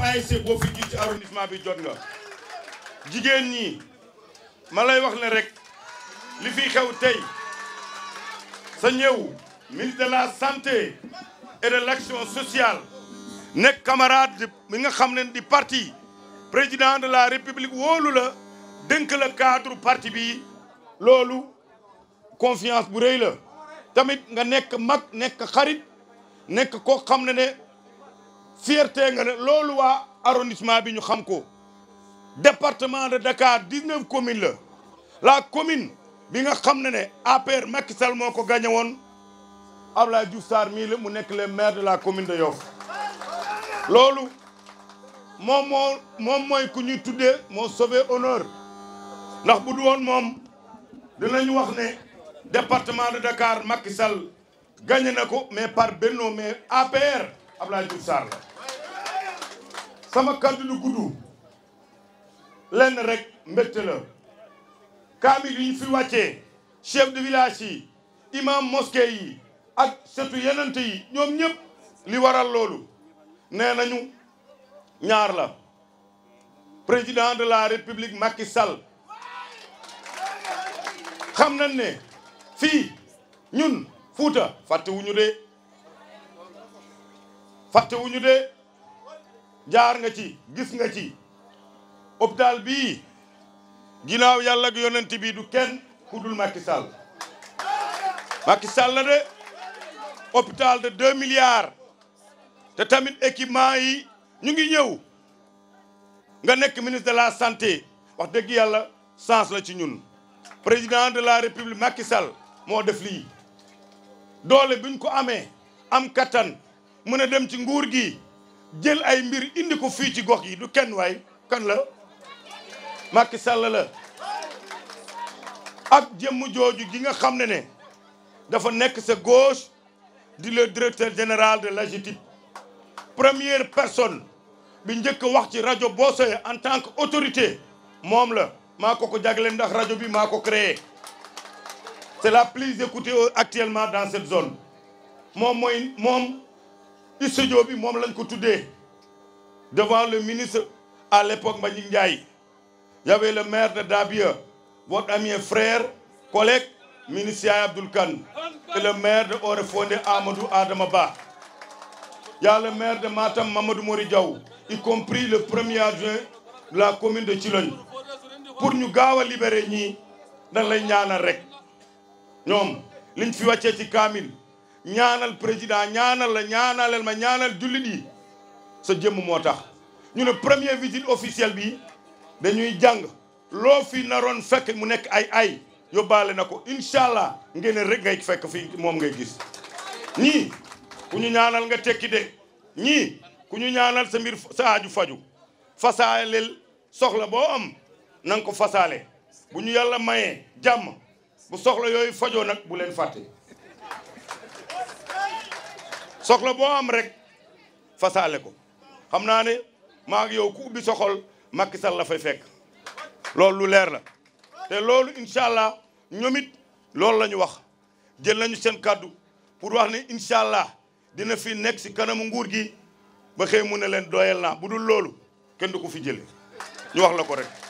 ASC boo fi gis ci arrondissement bi jot nga jigéen ñi ma lay wax ne rek li fi xew tey sa ñëw ministre de la santé et de l'action sociale nekk camarade mi nga xam di parti président de la république wóolu la dënk la cadre parti bi loolu confiance bu rëy la tamit nga nekk mag nekk xarit nekk koo xam ne fierté nga ne loolu waa arrondissement bi ñu xam ko département de Dakar dix-neuf communes la la commune bi nga xam ne APR Macky Sall moo gagné woon Abdoulaye Diouf Sarr mu nek le maire de la commune de Yoff lolu mom mom moy ku ñu tuddee mo sauver honneur ndax bu du won mom dinañ wax ne département de Dakar Macky Sall gagné nako mais par benno mais APR Abdoulaye Diouf Sarr la sama kàddu lu gudd lenn rekk mbette la kaamil yi fi wàcce chef de village yi imam moske yi ak setu yenente yi ñoom ñëpp li waral loolu nee nañu ñaar la président de la république Macky Sall xam nañ ne fii ñun Fuuta fàttewuñu de ñu de jaar nga ci gis nga ci hôpital bi ginnaaw yàlla ak yonent bi du kenn ku dul Macky Sall Macky Sall la de hôpital de deux milliards te tamit équipement yi ñu ngi ñëw nga nekk ministre de la santé wax dëgg yàlla sens la ci ñun président de la république Macky Sall moo def lii doole biñ ko amee am kattan mën a dem ci nguur gi jël ay mbir indi ko fii ci gox yi du kenn waay kan la Macky Sall la ak jëmm jooju gi nga xam ne ne dafa nekk sa gauche di le directeur général de l'AGETIP première personne bi njëkk wax ci rajo Bosoye en tant que autorité moom la maa ko ko jagleel ndax rajo bi maa ko créer c'est la plus écoutée actuellement dans cette zone moom moom studio bi mom lañ ko tuddee devant le ministre à l'époque Mbagnick Ndiaye y avait le maire de Dabia votre ami et frère collègue ministre Yaya et le maire de Orefondé Amadou Adama Il y a le maire de Matam Mamadou Mouridjaou, y compris le premier adjoint de la commune de Chilon. pour nous gawa libérer ñii dañ lay ñaanal rek ñoom liñ fi ñaanal président ñaanal la ñaanaleel ma ñaanal jullit yi sa jëmm moo tax ñu ne première visite officielle bi dañuy jàng loo fi naroon fekk mu nekk ay ay yóbbaale na ko incha allah ngeen rek ngay fekk fii moom ngay gis ñii ku ñu ñaanal nga tekki de ñi ku ñu ñaanal sa mbir sa aaju faju fasaaleel soxla boo am na ko fasaale bu ñu yàlla mayee jàmm bu soxla yooyu fajoo nag bu leen fàtte soxla boo am rek fasaale ko xam naa ne maa yow ku ubbi soxol Macky Sall la fay fekk loolu lu leer la te loolu incha allah ñoom it loolu la ñu wax jël nañu seen kàddu pour wax ne incha allah dina fi nekk si kanamu nguur gi ba xëy mu ne leen doyel naa bu dul loolu kenn du ko fi jëlee ñu wax la ko rek.